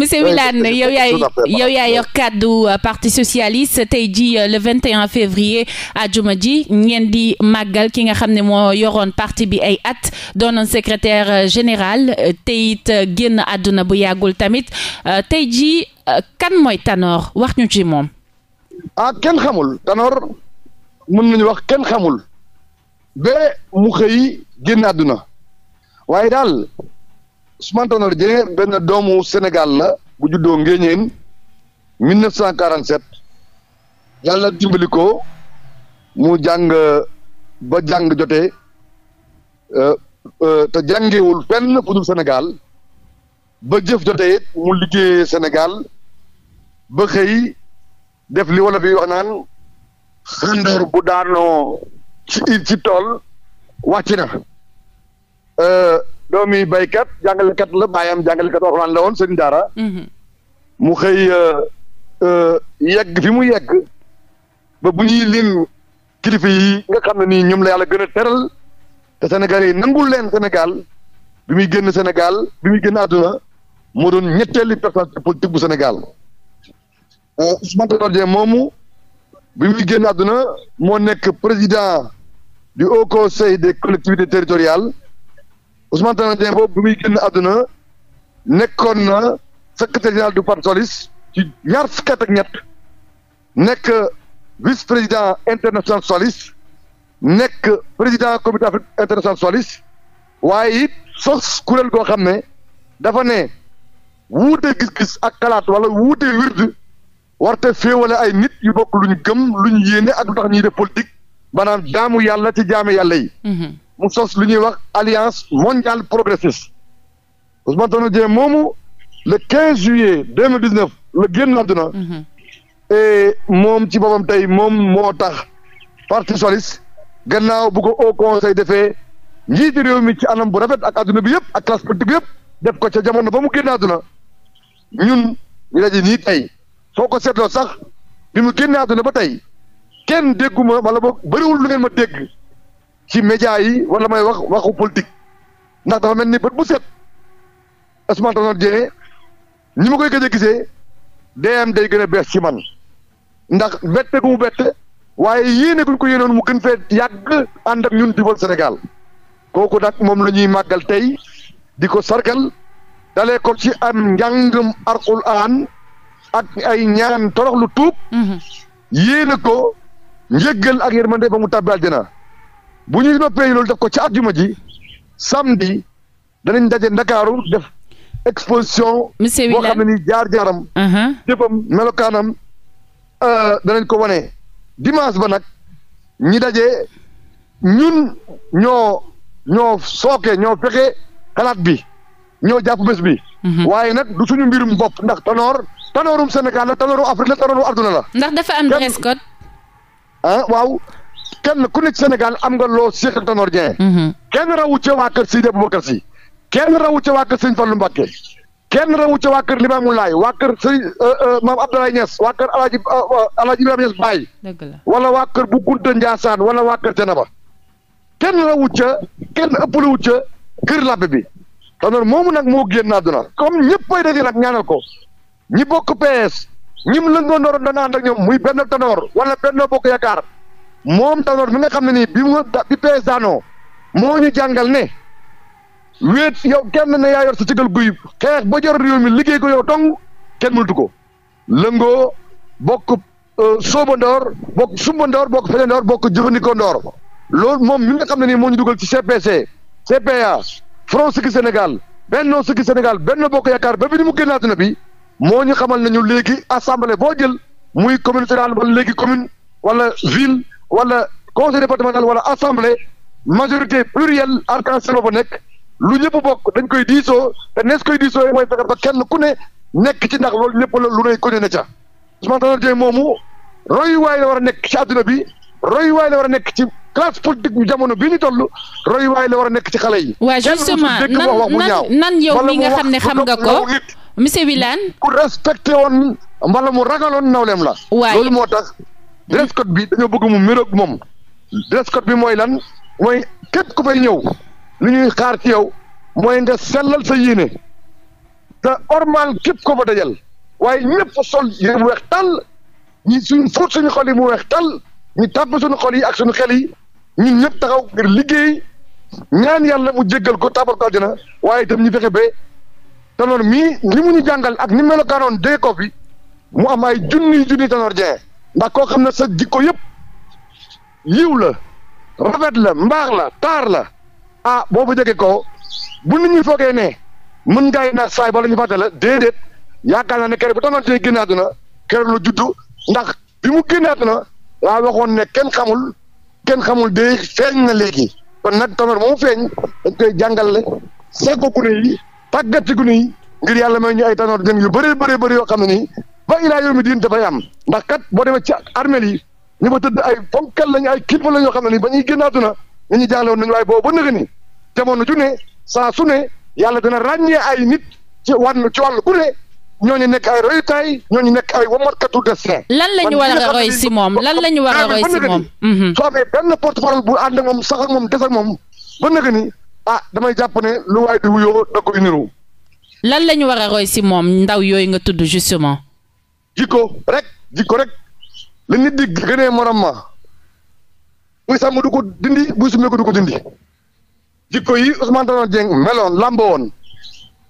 monsieur Wilane yow yaay yow yaay yor kàddu euh, parti socialiste tey jii euh, le 21 février àjuma ji ngeen di màggal ki nga xam ne moo yoroon parti bi ay at doonoon secretaire euh, général teyt it génn àdduna bu yàggul tamit tey jii kan mooy Tanor wax ñu ci moom. ah kenn xamul Tanor mën nañu wax kenn xamul ba mu xëy génn àdduna waaye daal Ousmane Tanor Dieng benn doomu Sénégal la bu juddoo Ngéñeen 1947 yàlla dimbali ko mu jàng ba jàng jotee euh, euh, te jàngewul fenn fu dul Sénégal ba jëf jotee it mu liggéeyee Sénégal ba xëy def li wala fi wax naan xandoor bu daanoo ci ci tool wàcc na. Euh, doomi baykat jàngalekat la baayam jàngalekat alxuraan la woon sëriñ daara mhm. mu xëy euh, euh, yegg fi mu yegg ba bu ñuy lim kilifa yi nga xam ne nii ñoom la yàlla gën a teral te Sénégal yi nangul leen Sénégal bi muy génn Sénégal bi muy génn àdduna moo doon ñetteeli personnalité politique bu Sénégal euh, Ousmane moomu bi muy génn àdduna moo nekk président du Haut Conseil des collectivité territoriales Ousmane Tanor Dieng boobu bi muy génn àdduna nekkoon na secrétaire général du parti socialiste ci ñaar fukki ñett nekk vice président international socialiste nekk président comité afrique international socialiste waaye it sos kuréel goo xam ne dafa ne wuute gis-gis ak xalaat wala wuute wird warte féewale ay nit yu bokk luñ gëm luñ yéene ak lu tax ñuy def politique jaamu yàlla ci jaame yàlla yi mm-hmm. mu sos lu ñuy wax alliance mondiale progressiste Ousmane Tanor Dieng moomu le 15 juillet 2019 la génn àdduna. Mhm. et moom ci boppam tey moom moo tax parti socialiste gannaaw bu ko au conseil defee njiiti réew mi ci anam bu rafet ak àdduna bi yëpp ak classe politique yëpp def ko ca jamono ba mu génn àdduna ñun ñu daje nii tey soo ko seetloo sax bi mu génn àdduna ba tey kenn dégguma wala ba bëriwul lu ngeen ma dégg. ci média yi wala may wax waxu politique ndax dafa mel ni bët bu set Ousmane Tanor Dieng ni ma koy gëj gisee deem day gën a bees ci man ndax bette gu mu bette waaye yéene guñ ko yéenoon mu gën fee yàgg ànd ak ñun diwal Sénégal kooku nag moom la ñuy màggal tey di ko sargal dalee ko ci am njàngum alxuraan ak ay ñaan torox lu tuub mhm. yéene ko njëggal ak yërmande ba mu tàbbi aljana bu ñu no noppee loolu def ko ci àjjuma ji samedi danañ daje ndakaaru def exposition. monsieur Wilane boo xam ne nii jaar jaaram. Uh-huh. jëfam melokaanam euh, danañ ko wane. dimanche ba nag ñi daje ñun ñoo ñoo sooke ñoo fexe xalaat bi ñoo jàpp bés bi. Uh-huh. waaye nag du suñu mbirum bopp ndax tanoor tanoorum Sénégal la tanoorum Afrique la tanoorum adduna la. ndax dafa am dress code. Ah, waaw. kenn ku nekk Sénégal am nga loo Cheikh Anta Tanor Dieng mhm. kenn rawu ca waa kër Seydi Aboubacar Sy kenn rawu ca waa kër Sëñ Fallou Mbacké kenn rawu ca waa kër Limamou Laye waa kër Sëñ euh, euh, Maam Abdoulaye Niass waa kër Alaaji euh, Alaaji Ibrahima Niass Baye wala waa kër bu Gunta Ndiassane waa kër Janaba kenn rawu ca kenn ëppalu ca kër labbe bi Tanor moomu nag moo génn àdduna comme ñëppay daje ñaanal ko ñi bokk PS ñi mu lëngoo ndooroon dana ñoom muy benn Tanor wala benn bokk yaakaar moom Tanor mi nga xam ne nii bi mu bi PS daanoo moo ñu jàngal ne wéet yow kenn ne yaa ci sa cigal guy xeex ba jor réew mi liggéey ko yow dong kenn mënatu ko lëngoo bokk euh, soobandoor bokk sumbandoor bokk fejandoor bokk jëfandikoo lool moom mi nga xam ne nii moo ñu dugal ci CPC CPA Front Siggi Sénégal Benno Siggi Sénégal Benno Bokk Yaakaar ba bi ni mu génn àdduna bi moo ñu xamal nañu léegi assemblée boo jël muy commune fédérale wala léegi commune wala ville wala conseil départemental wala assemblée majorité plurielle arc-en-ciel ba nekk lu ñëpp bokk dañ koy diisoo te nees koy diisoo mooy fexe ba kenn ku ne nekk ci ndax loolu ñëpp la lu nay ko ne ca Ousmane Tanor Dieng moomu royuwaay la war a nekk ci àdduna bi royuwaay la war a nekk ci classe politique bu jamono bi ñu toll royuwaay la war a nekk ci xale yi. waaw justement nan nan yow mi nga xam ne xam nga ko monsieur Wilane ku respecté woon mbala mu ragaloon nawleem la. loolu moo tax. dress code bi dañoo bëgg mu méroog moom dress code bi mooy lan mooy képp ku fay ñëw lu ñuy xaar ci yow mooy nga sellal sa yéene te ormal képp ko fa dajal waaye ñëpp sol yére mu weex tàll ñi suñ fóot suñu xol yi mu weex tàll ñu tàbb suñu xol yi ak suñu xel yi ñun ñëpp taxaw ngir liggéey ñaan yàlla mu jéggal ko tabal ko aljana waaye itam ñu fexe ba Tanor mii li mu ñu jàngal ak ni melokaanoon de ko fi mu am ay junniy junniy Tanor Dieng ndax koo xam na sa jikko yëpp yiw la rafet la mbaax la taar la ah boobu jege ko bu nit ñi foogee ne mën nga yi naag saay ba la ñu fàtte la déedéet yaakaar naa ne keroog bu tamante génn na keroog la juddu ndax bi mu génn na laa waxoon ne kenn xamul kenn xamul de feeñ na léegi kon nag Tonnerre moomu feeñ dañ koy jàngale sàkko gune yi tàggati gune yi ngir yàlla may ñu ay Tonnerre jën yu bëree bëree bari yoo xam ne nii ba ilaa yawmi diin dafay am ndax kat boo demee ci armel yi ñu fa tëdd ay fonkal lañu ay kilifa la ñoo xam ne nii ba ñuy génnaatuna ñu ñu jàngale woon nañu waaye boobu ba nëgë ni jamono ju ne saa su ne yàlla dana ràññee ay nit ci wàllu ci wàllu bu ne ñooñu nekk ay royutaay ñooñu nekk ay wamarkatu destin. lan la ñu war a roy si moom lan la ñu war a roy si moom. Mhm. soo amee benn porte-parole bu ànd moom sax ak moom des ak moom ba nëgë ni ah damay la ñu war a roy si moom ndaw yooyu nga tudd justement jikko rek jikko rek la nit di gënee morom ma buy sàmm du ko dindi buy sumee ko du ko dindi jikko yi Ousmane Tanor meloon làmbo woon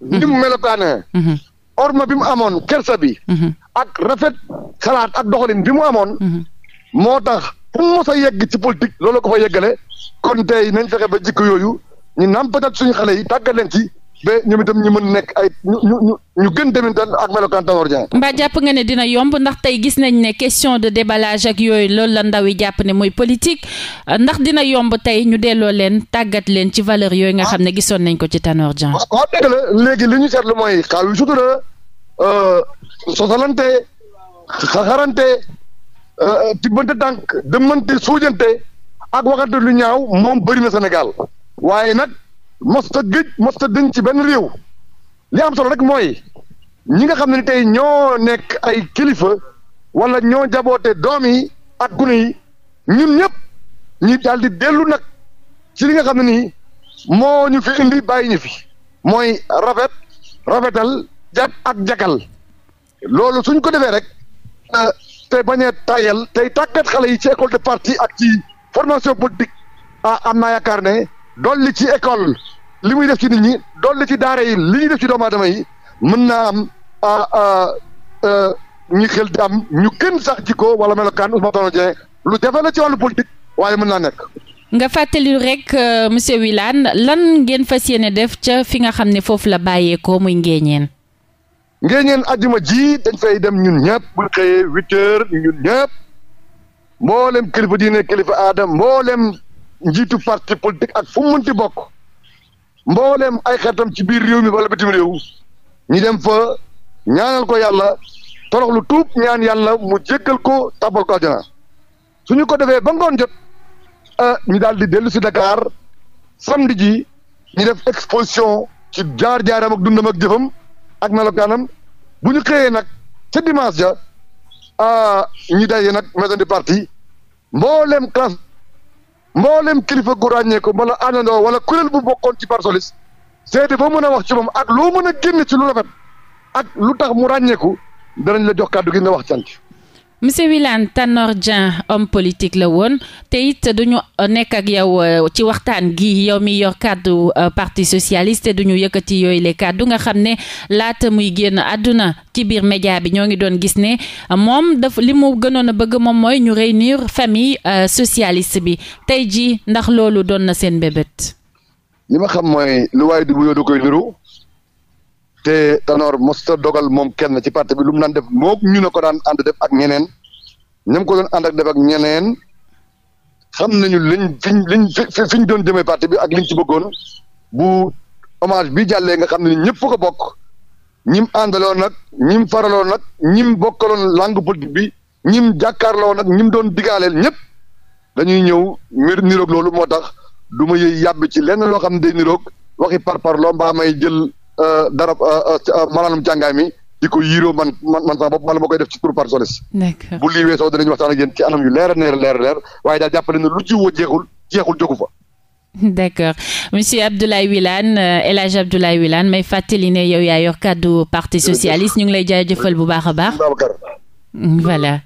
mhm. ni mu melokaane mhm. orma bi mu amoon kersa bi mhm. ak rafet salaat ak doxalin bi mu amoon moo tax fu mu mos a yegg ci politique loolu ko fa yeggale kon tey nañ fexe ba jikko yooyu ñu nàmpatal suñu xale yi tàggat leen ci ba ñoom itam ñu mën nekk ay ñu gën demee daan ak melokaan Tanor Dieng. mbaa jàpp nga ne dina yomb ndax tey gis nañ ne question de débalage ak yooyu lool la ndaw yi jàpp ne mooy politique ndax dina yomb tey ñu delloo leen tàggat leen ci valeur yooyu nga xam ne gisoon nañ ko ci Tanor Dieng. waaw dëgg la léegi lu ñu seetlu mooy xaalis sutura euh, sosalante xaxarante euh, tibbante tànk dëmmante suujante ak waxante lu ñaaw moom bëri na Sénégal waaye nag. mosta géej mosta dëñ ci benn réew li am solo rek mooy ñi nga xam ne ni tey ñoo nekk ay kilifa wala ñoo jaboote doom yi ak gune yi ñun ñëpp ñu daal di dellu nag ci li nga xam ne ni moo ñu fi indi bàyyi ñu fi mooy rafet rafetal jàpp ak jakal loolu suñ ko defee rek te bañ a tayal tey tàggat xale yi ci école de parti ak ci formation politique ah am na yaakaar ne dolli ci école li muy def ci nit ñi dolli ci daara yi li ñuy def ci doomu aadama yi mën naa am ñu xel di am ñu gën sax jikko wala melokaan Ousmane Tanor Dieng lu jafe la ci wàllu politique waaye mën naa nekk. nga fàttali rek euh, monsieur wilaan lan ngeen fas ne def ca fi nga xam ne foofu la bàyyeekoo muy ngéeñeen. ngéeñeen àjjuma ji dañ fay dem ñun ñëpp bu xëyee huit ñun ñëpp mboolem kilifa diine kilifa aadam mboolem njiitu parti politique ak fu mu munti bokk. mboolem ay xeetam ci biir réew mi wala bitim réew ñu dem fa ñaanal ko yàlla toroxlu tuub ñaan yàlla mu jéggal ko tàbbal ko àjjana su ñu ko defee ba ngoon jot ah, ñu daal di dellu si Dakar samedi ji ñu def exposition ci jaar-jaaram ak dundam ak jëfam ak melokaanam bu ñu xëyee nag ca dimanche ja ah, ñu daje nag maison du parti mboolem classe. mboolem kilifa gu ràññeeku ko wala àndandoo wala kuréel bu bokkoon ci Bartholis seede ba mën a wax ci moom ak loo mën a génn ci lu rafet ak lu tax mu ràññeeku danañ la jox kàddu gi nga wax cant monsieur Wilane Tanor Dieng politique la woon te it duñu nekk ak yow euh, ci waxtaan gi yow mi yor kàddu euh, parti socialiste te duñu yëkkati yooyu les kàddu nga xam ne laata muy génn àdduna ci biir média bi ñoo ngi doon gis ne euh, moom daf li mu gënoon a bëgg moom mooy ñu réunir famille socialiste bi tey jii ndax loolu doon na seen bébét. li ma xam mooy lu waaye du bu yoodu koy niru te Tanor mos dogal moom kenn ci parti bi lu mu naan def moo ñu ne ko daan ànd def ak ñeneen ñam ko doon ànd ak def ak ñeneen xam nañu liñ fiñ liñ fi doon jëmee parti bi ak liñ ci bëggoon bu omage bi jàllee nga xam ne ñëpp ko bokk ñim àndaloon nag ñim faraloon nag ñim bokkaloon langue politique bi ñim jàkkaarloo nag ñim doon digaaleel ñëpp dañuy ñëw mbir niroog loolu moo tax du ma yëy yàbb ci lenn loo xam ne day niroog waxi parparloo mbaa may jël. Euh, dara euh, euh, maanaam jàngaay mi di ko yiiroo man man man sax bopp wala ma koy def ci pour parsolis bu lii weesoo dinañu waxtaan a yéen ci anam yu leer a leer leer leer waaye daal jàppale na lu jiwoo jeexul jeexul jógu fa d'accord monsieur Abdoulaye Wilane El Hadj Abdoulaye Wilane may fàttali ne yow yaa yor kàddu parti socialiste ñu ngi lay jaajëfal bu baax a baax voilà